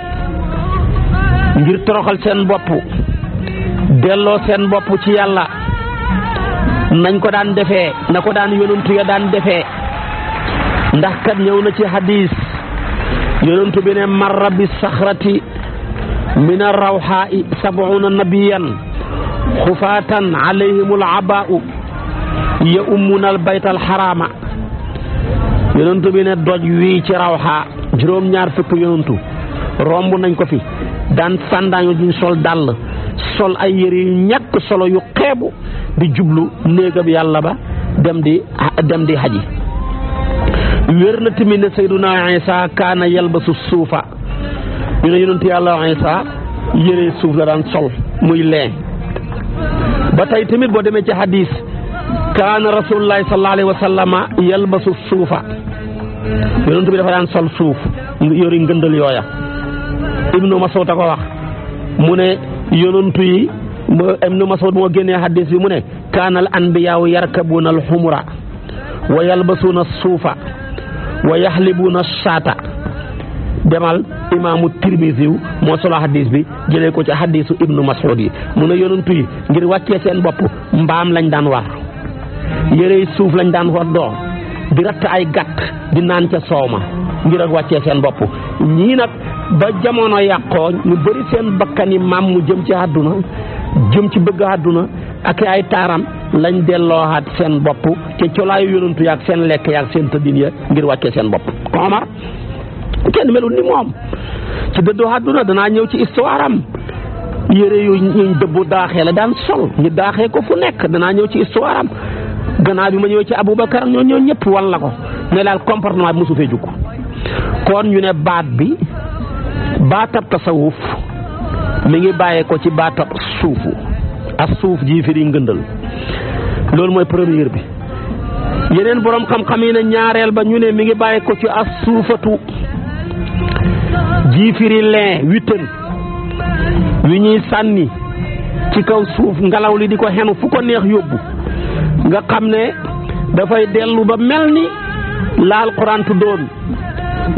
ngir toroxal seen bopp delloo seen bopp ci yàlla. nañ ko daan defe na ko daan yonantu ya daan defe ndax kat ñëw na ci hadis yonantu bi ne marra bi saxrati min arrawxaa'i sabuuna nabiyan xufaatan alayhim alabaau ya ummuna albayta alxaraama yonantu bi ne doj wii ci rawxaa juróom-ñaar fukk yonantu romb nañ ko fi daan sàndaaño duñ sol dàll sol ay yére yu ñàkk solo yu xeebu di jublu néegam yàlla ba dem di dem di haji wér na tamit ne sayduna isa kaana yalbasu suufa ñu ne yonent yàlla isa yére suuf la daan sol muy lee ba tey tamit boo demee ci hadis kaana rasulullahi sallallahu alayhi wa sallama yalbasu suufa yonent bi dafa daan sol suuf yori ngëndal yooya ibnu Mas'ud a ko wax mu ne yonantu yi ibnu Mas'ud moo génnee hadis bi mu ne kaanal anbiyaaw yarkabuuna alxumura wa yalbasuuna suufa wa yaxlibuuna shaata demal imaamu tirmisiw moo solo hadis bi jëlee ko ci hadisu ibnu Mas'ud yi mu ne yonantu yi ngir wàccee seen bopp mbaam lañ daan war yërey suuf lañ daan war door bi ratt ay gàtt di naan ca soow ma ngir ak wàccee seen bopp ñii nag ba jamono yàqoo ñu bëri seen bakkani maam mu jëm ci àdduna jëm ci bëgg àdduna ak ay taaram lañ delloo dellooxaat seen bopp te colaayu yonantu yaag seen lekk yaag seen tëddin ya ngir wàccee seen bopp Omar kenn melul ni moom ci dëddoo àdduna danaa ñëw ci histoire am yére yu ñu dëbbu daaxee la daan sol ñu daaxee ko fu nekk danaa ñëw ci histoire am gannaaw bi ma ñëwee ci Aboubacar ñoo ñoo ñëpp wan la ko ne daal comportement bi mosu fee jukk kon ñu ne baat bi baatab tasawuf mi ngi bàyyee ko ci baatab suufu ak suuf ji firi ngëndal loolu mooy première bi yeneen boroom xam-xam yi ne ñaareel ba ñu ne mi ngi bàyyi ko ci ak suufatu ji firi leen wittan wi ñuy sànni ci kaw suuf ngelaw li di ko xenu fu ko neex yóbbu nga xam ne dafay dellu ba mel ni la alquran tuddoon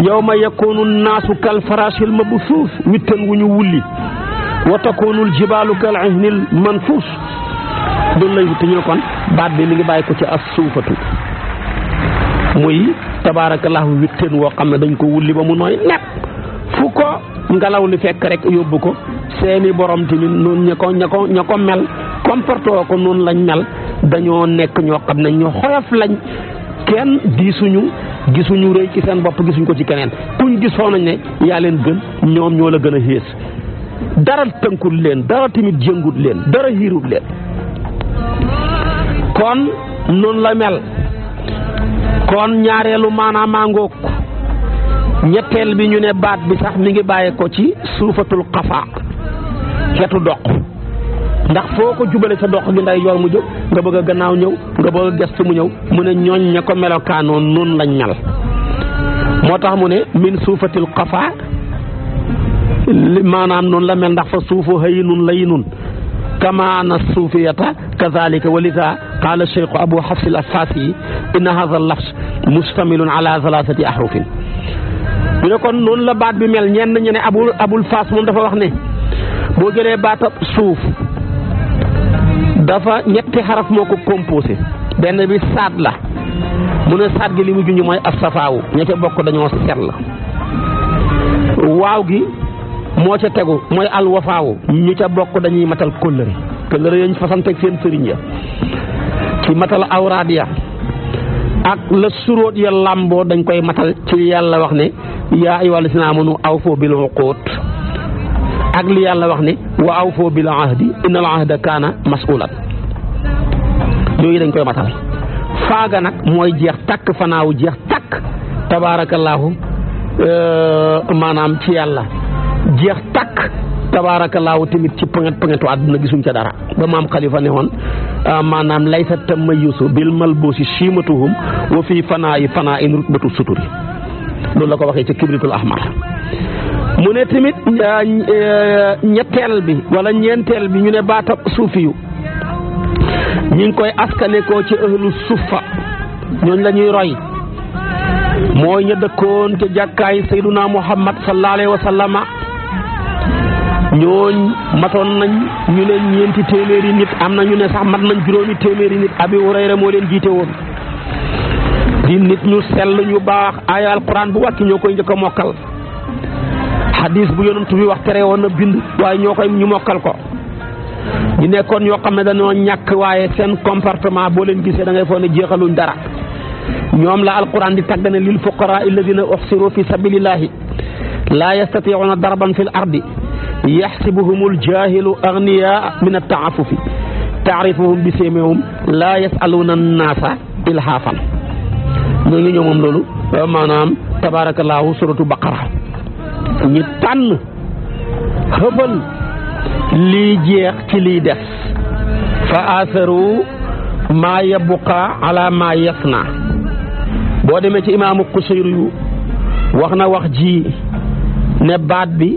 yawma yakunu naasu kal farashil mabsuus wittan wu ñu wulli wa jibaalu kal ihnil manfuus loolu lay wuti ñu kon baat bi mi ngi bàyyi ko ci as suufatu muy tabaarakallaahu witteen woo xam ne dañ ko wulli ba mu nooy nepp fu ko ngelaw li fekk rek yóbbu ko seeni borom tamit noonu ña ko ña ko ña ko mel lañ mel dañoo nekk ñoo xam ne ñu xoyof lañ kenn diisuñu gisuñu rëy ci seen bopp gisuñu ko ci keneen kuñ gis foog nañ ne yaa leen gën ñoom ñoo la gën a xées dara tënkul leen dara tamit jëngut leen dara xiirut leen kon noonu la mel kon ñaareelu maanaam maangook ñetteel bi ñu ne baat bi sax mi ngi bàyyi ko ci suufatul xafa xetu doq ndax foo ko jubale sa dox gi nday joor mu jóg nga bëgg a gannaaw ñëw nga bëgg a mu ñëw mu ne ñooñ ña ko melokaanoo noonu lañ mel moo tax mu ne min suufatil xafa li maanaam noonu la mel ndax fa suufu hayi nun layi nun kamaana suufiyata kazalika wa lisa qaala cheikhu abu xafs al asfaasi inna hada al lafz mustamilun ala thalathati ahrufin ñu ne kon noonu la baat bi mel ñenn ñu ne abul abul faas moom dafa wax ne boo jëlee baatab suuf dafa ñetti xaraf moo ko composé benn bi saat la mu ne saat gi li mu junj mooy af safaawu ña ca bokk dañoo sell waaw gi moo ca tegu mooy alwafaawu ñu ca bokk dañuy matal kóllëre kóllëre yooyu ñu fasante ak seen sëriñ ya ci matal awraad ya ak la suróot ya làmboo dañ koy matal ci yàlla wax ne yaa ayyuhal lazina aamanu awfu bil uquud ak li yàlla wax ne wa awfoo bil ahdi innal ahda kaana masulan yooyu dañ koy matal faaga nag mooy jeex takk fanaaw jeex takk tabaarakallaahu euh, maanaam ci yàlla jeex takk tabaarakallaahu tamit ci poñet pëngetu àdduna gisuñ ca dara ba maam xalifa ne woon euh, maanaam laysa tamayusu bil malbuusi siimatuhum wa fii fanaayi fanaa in rutbatu suturi loolu la ko waxee ca kibritul ahmar mu ne tamit euh, euh, ñetteel bi wala ñeenteel bi ñu ne baata suufiyu ñu ngi koy askane koo ci ahlu suffa ñooñ lañuy roy mooy ña dëkkoon ca jàkkaay sayduna muhammad sallallahu alayhi wa sallama ñooñ matoon nañ ñu ne ñeenti téeméeri nit am na ñu ne sax mat nañ juróomi téeméeri nit abi hurayra moo leen jiite woon di nit ñu sell baax aaya alquran bu wàcc ñoo koy njëkk a mokkal xadis bu yonantu bi wax tere woon na bind waaye ñoo koy ñu mokkal ko ñu nekkoon ñoo xam ne dañoo ñàkk waaye seen comportement boo leen gisee da ngay foog ne jeexaluñ dara ñoom la alquran di tàgg ne lil fuqara alladina uxsiru fi sabilillahi laa yastatiuna darban fi l ardi yaxsibuhum aljahilu agniya min attaafufi taarifuhum bi séemewum laa yasaluuna annaasa ilhaafan ñooñu ñoo moom loolu maanaam tabaarakallaahu suratu baqara ñi tànn xëbal lii jeex ci liy des fa aasaru maa yabqa ala maa yasna boo demee ci imaamu Kusayri wax na wax ji ne baat bi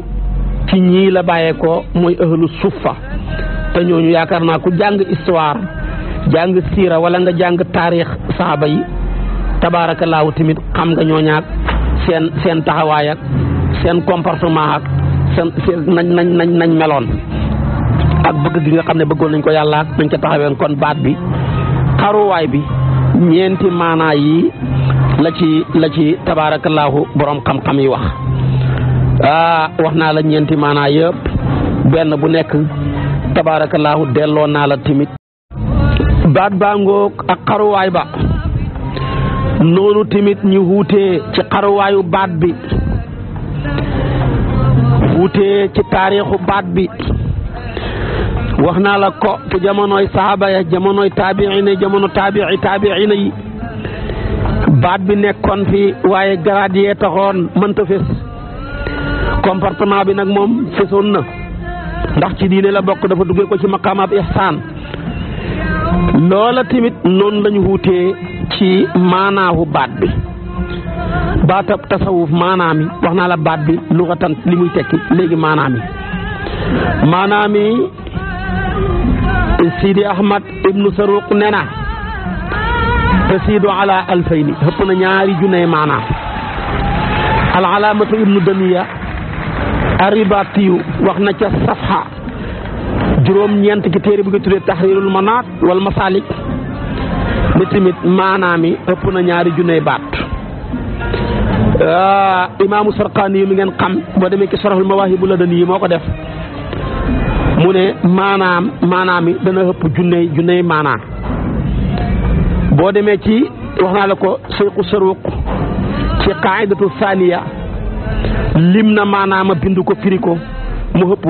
ci ñii la bàyyeekoo mooy ahlu suffa te ñooñu yaakaar naa ku jàng histoire jàng siira wala nga jàng taarix saaba yi tabaarakallaahu tamit xam nga ñooñaak seen seen taxawaay seen comportement ak seen nañ nañ nañ nañ meloon ak bëgg gi nga xam ne bëggoon nañ ko yàllaak ak nañ ko taxaween kon baat bi xaruwaay bi ñeenti maanaa yi la ci la ci tabaarakallaahu boroom xam-xam yi wax ah, wax naa la ñeenti maanaa yëpp benn bu nekk tabaarakallaahu delloo naa la timit baat baa ngoog ak xaruwaay ba noonu timit ñu wuutee ci xaruwaayu baat bi wutee ci taarixu baat bi wax naa la ko ci jamonoy saxaaba ya jamonoy taabiina jamono taabii taabiina yi baat bi nekkoon fi waaye garaad yee taxoon mënta fés comportement bi nag moom fésoon na ndax ci diine la bokk dafa duggee ko ci maqaamaab ihsaan loola tamit noonu lañu wutee ci maanaawu baat bi baata tasawuf maanaam yi wax naa la baat bi luxatan li muy tekki léegi maanaami yi maanaam yi Sidi Ahmad ibnu Saruq nee na tasiidu ala alfayni xëpp na ñaari junne maanaam al alaamatu ibnu damiya arribatiyu wax na ca safha juróom-ñeent ci téere bi nga tuddee tahrirul manaat wal masalik ni tamit maanaam yi ëpp na ñaari junne baat Ah, imaamu sarqaani yi mi ngeen xam boo demee ki sarahul mawaahibu ladani yi moo ko def mu ne maanaam maanaam yi dana ëpp junne yi maanaam boo demee ci wax naa la ko seyqu saruq ci qaidatu thaniya lim na maanaama bind ko firi ko mu ëpp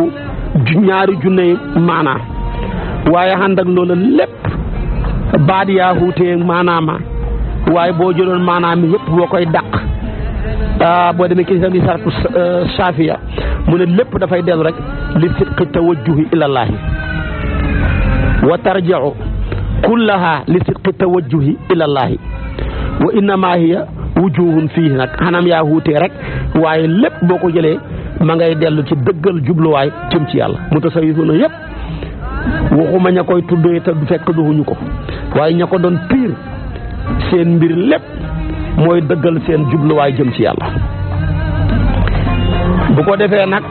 ñaari junney maanaam waaye ànd ak loola lépp baat yaa maanaama waaye boo jëloon maanaam yëpp boo koy dàq Ah, boo demee kii di saratu saafiya euh, mu ne lépp dafay dellu rek li sidqi tawajjuhi ilallaahi wa tarjiu kullaha li sidqi tawajjuhi ilallaahi wa innama hiya wujuhun fii nag xanam yaa wuutee rek waaye lépp boo ko jëlee ma ngay dellu ci dëggal jubluwaay jëm ci yàlla mutasawifuna yëpp waxuma ña koy tuddee te du fekk duhuñu ko waaye ña doon piir seen mbir lépp mooy dëggal seen jubluwaay jëm ci yàlla bu ko defee nag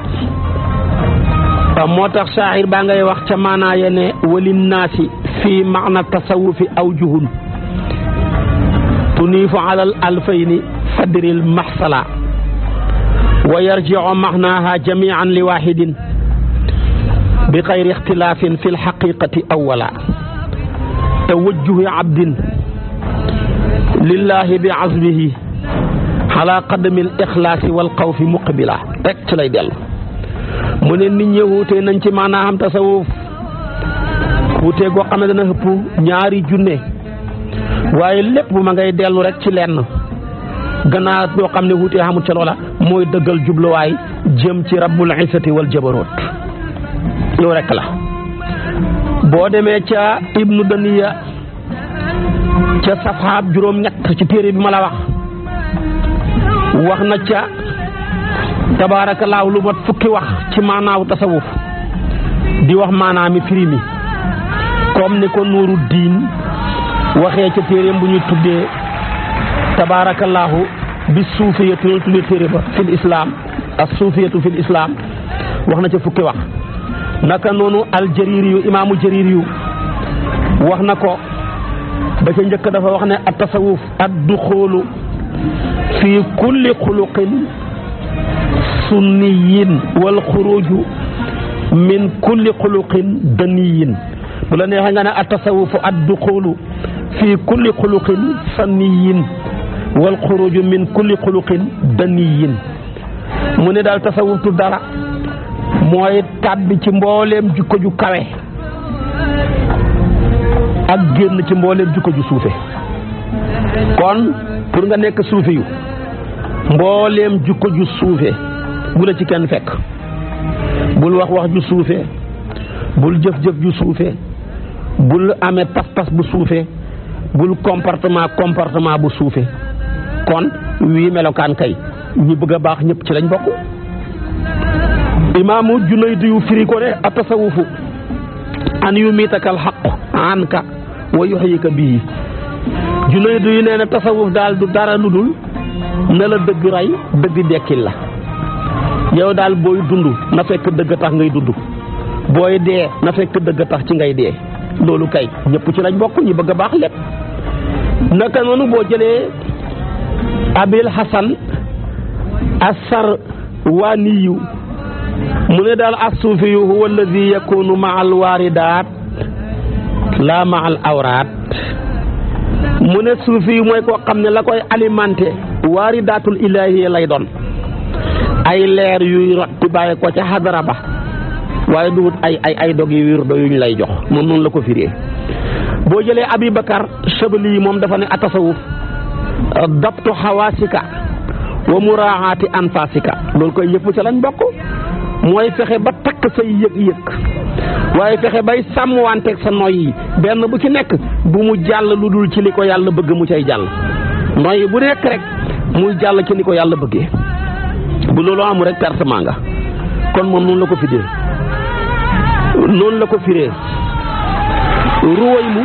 moo tax saahir baa ngay wax ca maanaa ye ne walinnaasi fii maana tasawufi awjuhun tuniifu alal alfayni fadril maxsala wa yarjiu maxnaaha jamian li waxidin bi xayri ixtilaafin fi lxaqiqati awala te wajjuhi abdin lillahi bi azmihi ala qadamil ixlaasi wal xawfi muqbila rek ci lay dellu mu ne nit ñi wuute nañ ci maanaam tasawuf wuute goo xam ne dana ëpp ñaari junne waaye lépp ma ngay dellu rek ci lenn gannaaw boo xam ne wuute xamut ca loola mooy dëggal jubluwaay jëm ci rabbul isati wal jabaroot yow rek la boo demee ca ibnu daniya ca safaab juróom-ñett ci téere bi ma la wax wax na ca tabaarakallaahu lu mat fukki wax ci maanaaw tasawuf di wax maanaami firi mi comme ni ko nuuru diin waxee ca téereem bu ñuy tuddee tabaarakallaahu bi suufiyatu ñu tuddee téere ba fil islaam as suufiyatu fil islaam wax na ca fukki wax naka noonu wax na ko ba ca njëkk dafa wax ne at tasawuf ad duxulu fi kulli xuluqin sunniyin wal xuruju min kulli xuluqin daniyin bu la nga ne at tasawufu ad duxulu fi kulli xuluqin sanniyin wal xuruju min kulli xuluqin daniyin mu ne daal tasawuf du dara mooy tàbbi ci mbooleem jikkoju kawe ak génn ci mbooleem jukko ju suufe kon pour nga nekk suufe yu mbooleem jukko ju suufe bu la ci kenn fekk bul wax wax ju suufe bul jëf-jëf ju suufe bul amee pas-pas bu suufee bul comportement comportement bu suufe kon wii melokaan kay ñu bëgg a baax ñëpp ci lañ bokk imaamu Junayd yu firi ko ne a tasawufu an yu miitakal xaq an wa yuxyika bii junaydu yi nee na tasawuf daal du dara lu dul na la dëgg rey dëgg dekkil la yow daal booy dund na fekk dëgg tax ngay dund booy dee na fekk dëgg tax ci ngay dee loolu kay ñëpp ci lañ bokk ñi bëgg a baax lépp naka noonu boo jëlee abil hasan asar waaniyu mu ne daal assuufiyu huwa alladi yakunu ma alwaaridaat laa maal awraat mu ne suufi mooy koo xam ne la koy alimenté waaridaatul ilaahi lay doon ay leer yuy rot di ko ca xadara ba waaye duwut ay ay yu dog yi wirdo yuñ lay jox moom noonu la ko firee boo jëlee abi bakar shabli moom dafa ne a tasawuf dabtu xawaasika wa muraaxaati anfaasika loolu koy yëpp ca bokk mooy fexe ba takk say yëg-yëg waaye fexe bay sàmmwanteeg sa noy benn bu ci nekk bu mu jàll lu dul ci li ko yàlla bëgg mu cay jàll noy bu nekk rek muy jàll ci ni ko yàlla bëggee bu loolu amu rek pertement nga kon moom noonu la ko fidee noonu la ko firee ruway mu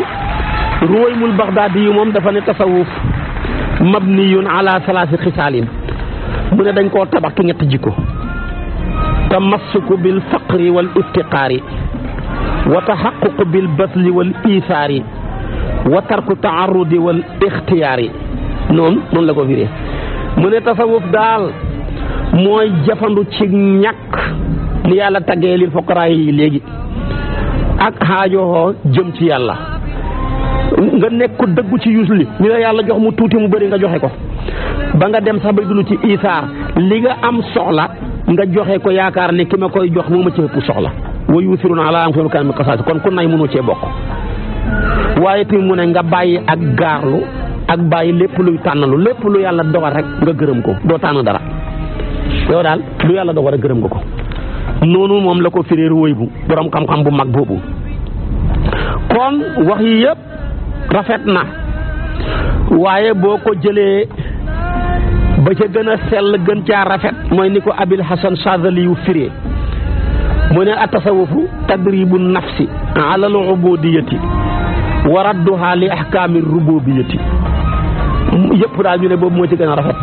ruway mul baxdaadi yu moom dafa ne tasawuf ni yoon salaasi xisaalin mu ne dañ koo tabax ci ñetti jikko tamassuku bil faqri wal iftiqaari wa taxaququ bil basli wal isaari wa tarku taarudi wal ixtiyaari noonu noonu la ko firee mu ne tasawuf daal mooy jafandu ci ñakk ni yàlla taggee lil foqaraa yi léegi ak xaajoo jëm ci yàlla nga nekk dëggu ci yuus ni la yàlla jox mu tuuti mu bari nga joxe ko ba nga dem sax bay dund ci isaar li nga am soxla nga joxe ko yaakaar ne ki ma koy jox moo a ci ëpp soxla wa yuusiruuna alaa anfusihim walaw kaana bihim xasaasa kon ku nay mënoo cee bokk waaye tamit mu ne nga bàyyi ak gaarlu ak bàyyi lépp luy tànnalu lépp lu yàlla dogal rek nga gërëm ko doo tànn dara yow daal lu yàlla dogal rek gërëm nga ko noonu moom la ko firéer wóy bu borom xam-xam bu mag boobu kon wax yi yëpp rafet na waaye boo ko jëlee ba ca gën a sell gën caa rafet mooy ni ko abil hasan chazali yu firee mu ne atasawufu tadribu nafsi ala al ubudiyati wa radduha li ahkaami daal ñu ne boobu moo ci gën a rafet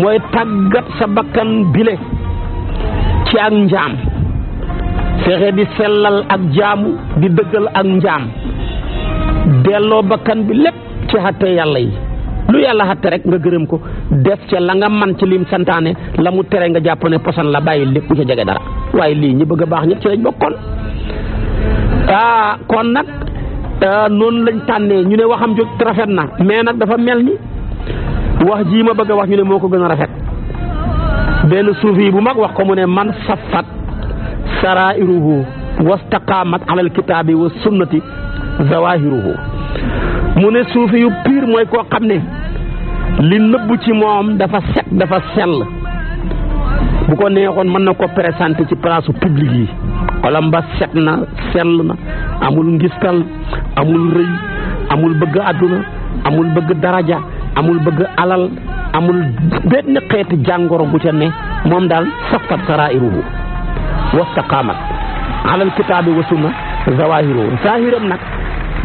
mooy tàggat sa bakkan bile ci ak njaam fexe di sellal ak jaamu di dëggal ak njaam delloo bakkan bi lépp ci xatte yàlla yi lu yàlla xatte rek nga gërëm ko def ca la nga man ci lim santaane la mu tere nga jàpp ne posan la bàyyi lépp bu jege dara waaye lii ñi bëgg a baax ñëpp ci lañ bokkoon ah kon nag ah, noonu lañ tànnee ñu ne waxam jóg rafet na mais nag dafa mel ni wax jii ma bëgg a wax ñu ne moo ko gën a rafet benn suufi bu mag wax ko mu ne man safat sarairuhu wastaqaamat alal kitaabi wa sunnati zawahiruhu mu ne suufi yu pire mooy koo xam li nëbb ci moom dafa set dafa sell bu ko neexoon mën na ko présenter ci place publique yi xolam ba set na sell na amul ngistal amul rëy amul bëgg àdduna amul bëgg daraja amul bëgg alal amul benn xeeti jàngoro bu ca ne moom daal safat sarairuhu wastaqaamat alal kitaabi wa sunna zawahiruhu zahiram nag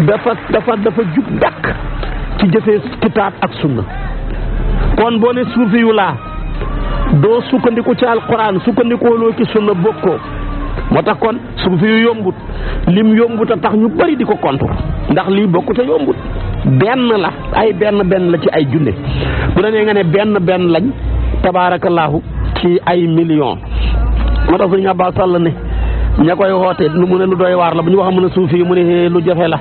dafa dafa dafa jub dàq ci jëfee kitaab ak sunna kon boo ne suufi laa doo sukkandiku ci alquran sukkandikoo loo ci sunna bokkoo moo tax kon suufi yu yombut lim yombut a tax ñu bari di ko kontu ndax lii bokkut a yombut benn la ay benn benn la ci ay junne bu la nee nga ne benn benn lañ tabaarakallaahu ci ay million moo tax suñu Abbas Sall ne ña koy woote mu ne lu doy waar la bu ñu wax mën a suufi mu ne lu jafe la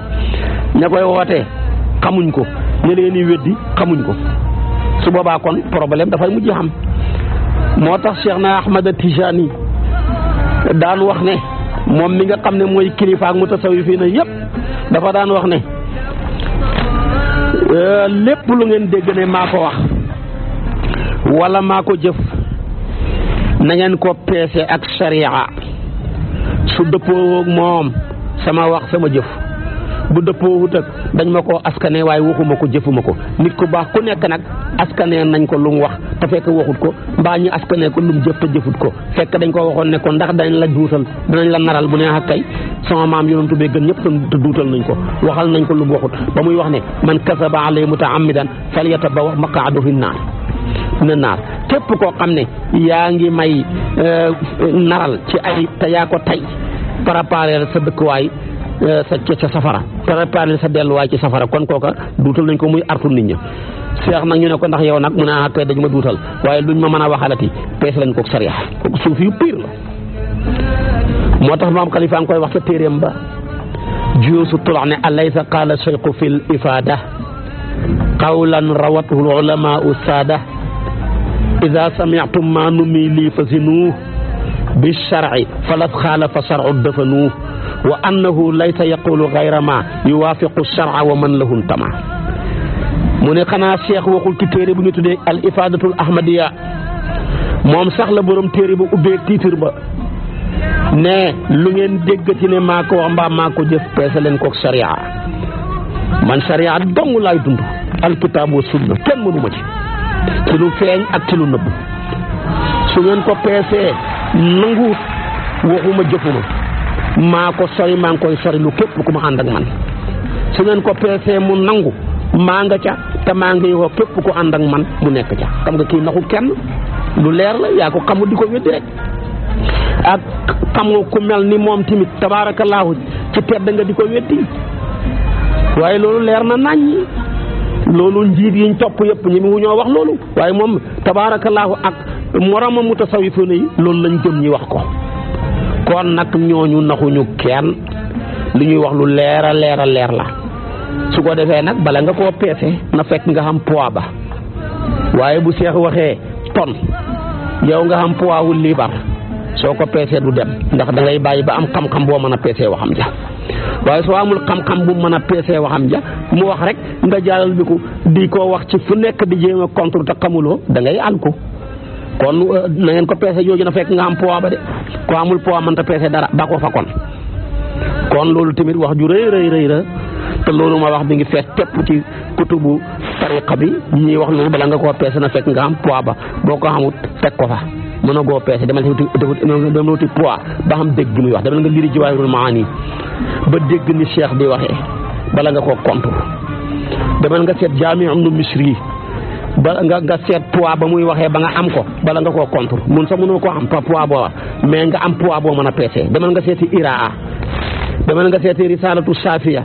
ña koy woote xamuñ ko ña leen weddi xamuñ ko su boobaa kon problème dafay mujj xam moo tax Cheikh na Ahmada Tijani daan wax ne moom mi nga xam ne mooy kilifa ak mutasawwifiina yëpp dafa daan wax ne euh, lépp lu ngeen dégg ne maa ko wax wala maa ko jëf na ngeen ko peese ak sariya su dëppoo moom sama wax sama jëf. bu dëppoo wut ak dañ ma koo askane waaye waxuma ko jëfuma ko nit ku baax ku nekk nag askanee nañ ko lu mu wax te fekk waxut ko mbaa ñu askanee ko lu mu jëf te jëfut ko fekk dañ ko waxoon ne ko ndax dañ la duutal danañ la naral bu ne ak kay sama maam yonantu bee gën ñëpp te duutal nañ ko waxal nañ ko lu mu waxut ba muy wax ne man mu am kasaba alay mutaamidan falyatabawa maqaadahu naar na naar képp koo xam ne yaa ngi may euh, naral ci ay te yaa ko tay préparer sa dëkkuwaay Euh, sa ca safara préparé sa delluwaay ci safara kon kooka duutal nañ ko muy artu nit ña seex nag ñu ne ko ndax yow nag mu ne ah duutal waaye luñ ma mën a waxalati la lañ ko sariya kooku suuf moo tax maam Xalifa ngi koy wax ca téeréem ba juusu tulax ne alaysa qaala cheikhu fil ifaada qawlan rawathu l ulamaau saada ida samictum ma lii fa sinuuh bi charci falas xaalafa charcu wa annahu laysa yaqulu gayra ma yuwaafiqu sharca wa man lahu ntama mu ne xanaa cheikh waxul ci téere bu ñu tuddee al ifadatul ahmadiya moom sax la borom téere ba ubbee tiitir ba ne lu ngeen dégg ne maa ko wax mbaa ko jëf peese leen kook sariya man sariya dong laay dund alkitaab wa sunna kenn mënu ci ci feeñ ak ci lu nëbb su ngeen ko peesee nanguut waxuma jëfuma maa ko sori maa ngi koy sori lu képp ku ma ànd ak man su ngeen ko peesee mu nangu maa nga ca te maa ngi ko képp ku ànd ak man mu nekk ca xam nga kii naxu kenn lu leer la yaa ko xamu di ko weddi rek ak xamu ku mel ni moom tamit tabaarakallaahu ci tedd nga di ko weddi waaye loolu leer na naññi loolu njiit yiñ topp yëpp ñi mu ñoo wax loolu waaye moom tabaarakallaahu ak moromam mutasawwifoon yi loolu lañ jëm ñi wax ko kon nag ñooñu naxuñu kenn li ñuy wax lu leer a leer a leer la su ko defee nag bala nga koo peese na fekk nga xam poids ba waaye bu seex waxee ton yow nga xam poids wu liibar soo ko peesee du dem ndax da bàyyi ba am xam boo mën a peesee waxam ja waaye soo amul xam-xam bu mën a peesee waxam ja mu wax rek nga jàllal bi ko di ko wax ci fu nekk di jéem a contre te xamuloo da ngay àl kon euh, na ngeen ko peese jooju na fekk nga am poids ba de ko amul poids mënta peese dara ba ko kon loolu tamit wax ju rëy rëy rëy la te loolu ma wax bi ngi fees tepp ci kutubu tariqa bi ñuy wax loolu bala nga koo peese na fekk nga am poids ba boo ko xamut teg ko fa mën a goo peese demal wuti demal wuti poids ba xam dégg muy wax demal nga liri Jawaahirul Maani ba dégg ni cheikh bi waxee bala nga koo kontu demal nga seet am ibn Misri ba nga nga seet poids ba muy waxee ba nga am ko bala nga koo contre mun sax mënoo koo am pa poids booba mais nga am poids boo mën a peese demal nga seeti iraa demal nga seeti risalatu safiya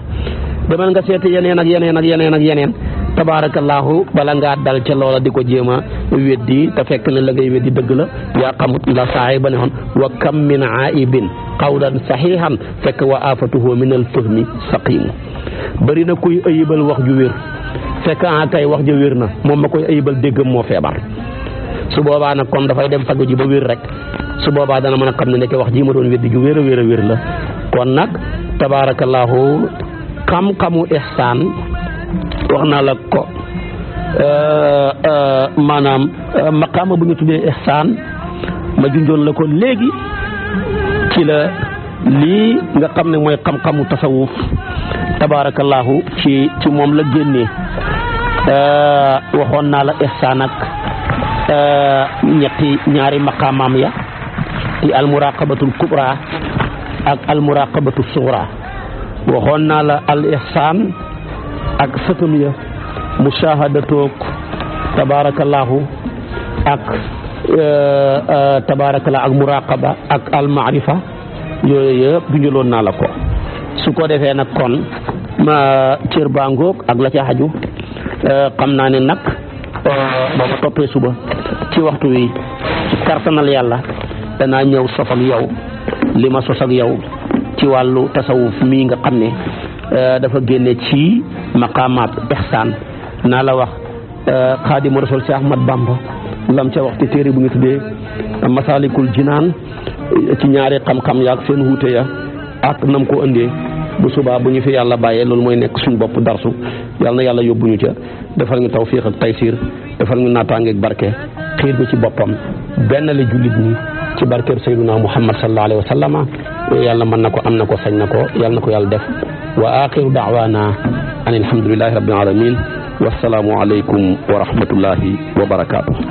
demal nga seeti yeneen ak yeneen ak yeneen ak yeneen tabaarakallaahu bala ngaa dal ca loola di ko jéem a weddi te fekk ne la ngay weddi dëgg la yaa xamut la saay ba ne xoon wa kam min aibin qawlan saxihan fekk wa afatuhu min al fahmi saqimu bëri na kuy ayibal wax ju wér fekk ah kay wax ja wér na moom ma koy ayibal déggam moo feebar su boobaa nag kon dafay dem faju ji ba wér rek su boobaa dana mën a xam ne nekk wax ji ma doon weddi ju wér a wér a wér la kon nag tabaarakallaahu xam-xamu ihsaan wax naa la ko euh, euh, maanaam euh, maqaama bu ñu tuddee ihsaan ma junjoon la ko léegi ci la lii nga xam ne mooy xam-xamu tasawuf tabaarakallaahu ci ci moom la génnee Euh, waxoon naa la ihsaan ak euh, ñetti ñaari maqamaam ya ci almuraqabatul kubra ak almuraqabatu sugra waxoon naa la al ihsaan ak sëtam ya mushahadatoog tabarakallahu ak euh, tabarakallah ak muraqaba ak al maarifa yooyu yëpp junjaloon naa la ko su ko defee nag kon ma cër baa ngoog ak la xaju Euh, xam naa ne nag euh, boo ma toppee suba ci waxtu wi ci kartanal yàlla danaa ñëw sof ak yow li ma sos ak yow ci wàllu tasawuf mii nga xam ne euh, dafa génne ci maqaamaat ihsaan naa la wax xaadimu rasul si Ahmad Bamba lam ca wax ci téere bu ngi tuddee masalikul jinaan ci ñaari xam-xam yaak seen wuute ya ak nam ko indee bu subaa bu ñu fi yàlla bàyyee loolu mooy nekk suñu boppu darsu yàlla na yàlla yóbbu ñu ca defal ñu tawfiix ak taysiir defal ñu naataange ak barke xiir ñu ci boppam benn la jullit ñi ci barkeeb sayyiduna muhammad sallallahu alayhi wa sallama yàlla mën na ko am na ko sañ na ko yàlla na ko yàlla def wa axiru daawaana an alhamdulillahi rabbil alamin wasalaamu aleykum wa rahmatullahi wa barakaatu